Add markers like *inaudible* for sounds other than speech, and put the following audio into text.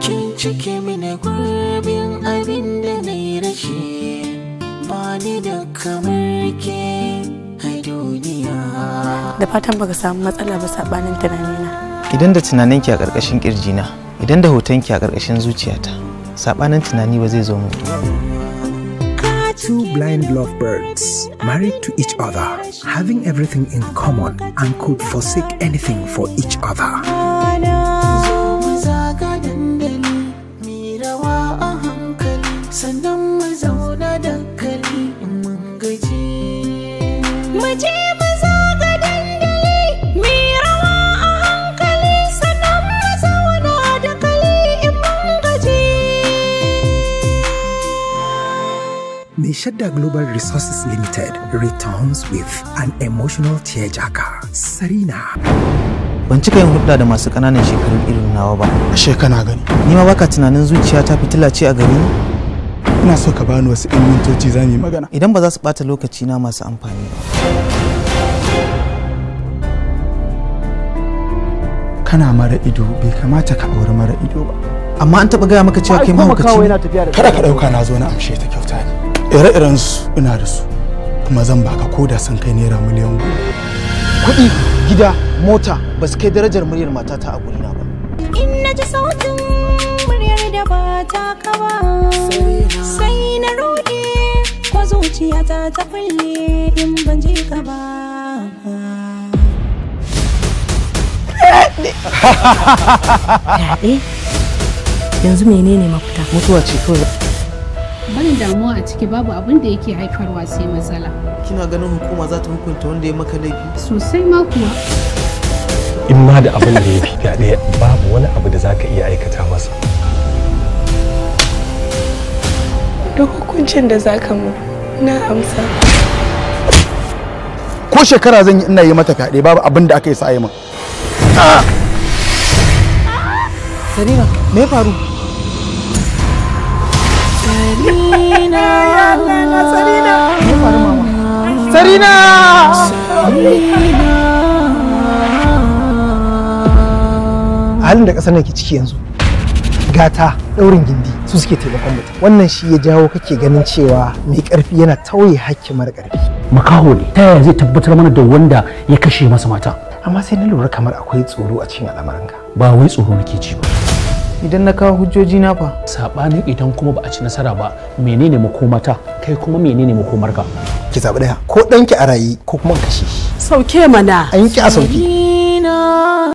Kin cike mini gurbin abin da na yi rashi ba ni da kamar ke a duniya. Da fatan baka samu matsala ba sabanin tunanina. Idan da tunaninki a ƙarƙashin ƙirjina, idan da hotonki a ƙarƙashin zuciyata, saɓanin tunani ba zai zo mu. Two blind lovebirds married to each other, having everything in common and could forsake anything for each other. shadda Global Resources Limited returns with an emotional tearjerker, Sarina. Ban cika yin hulɗa da masu ƙananan shekarun irin nawa ba. Ashe kana gani. Ni ma baka tunanin zuciya ta fitila ce a gari ina so ka bani wasu 'yan mintoci za mu yi magana idan ba za su ɓata lokaci na masu amfani ba kana mara ido bai kamata ka aure mara ido ba amma an taɓa gaya maka cewa kai mahaukaci kada ka ɗauka na zo na amshe ta kyauta ne ire-iren su ina da su kuma zan baka ko da sun kai naira miliyan goma kuɗi gida mota ba su kai darajar muryar matata a gurina ba in na ji sautin muryar da ba ta kawa sai na roƙe ko zuciyata ta kulle in ban ji ka ba Yanzu menene mafita? Mutuwa ce kawai. damuwa a ciki babu abin da yake haifarwa sai matsala. Kina ganin hukuma za ta hukunta wanda ya maka laifi? Sosai ma in ma da abin da ya fi fyaɗe babu wani abu da za ka iya aikata masa Da hukuncin da za ka na amsa ko shekara zan yi ina yi mata kaɗe babu abin da aka yi sa'ayi min Sarina, me faru? Sarina, *laughs* ya Sarina, me faru mama? Sarina! Sarina! halin da ƙasar nake ciki yanzu gata daurin gindi su suke taimakon mutum wannan shi ya jawo kake ganin cewa mai karfi yana tauye hakkin mara karfi makaho ne ta yaya zai tabbatar mana da wanda ya kashe masa mata amma sai na lura kamar akwai tsoro a cikin al'amuranka ba wai tsoro nake ji ba idan na kawo hujjoji na fa sabanin idan kuma ba a ci nasara ba menene makomata kai kuma menene ka ki zabi daya ko danki a rayi ko kuma kashe sauke mana an ki a sauke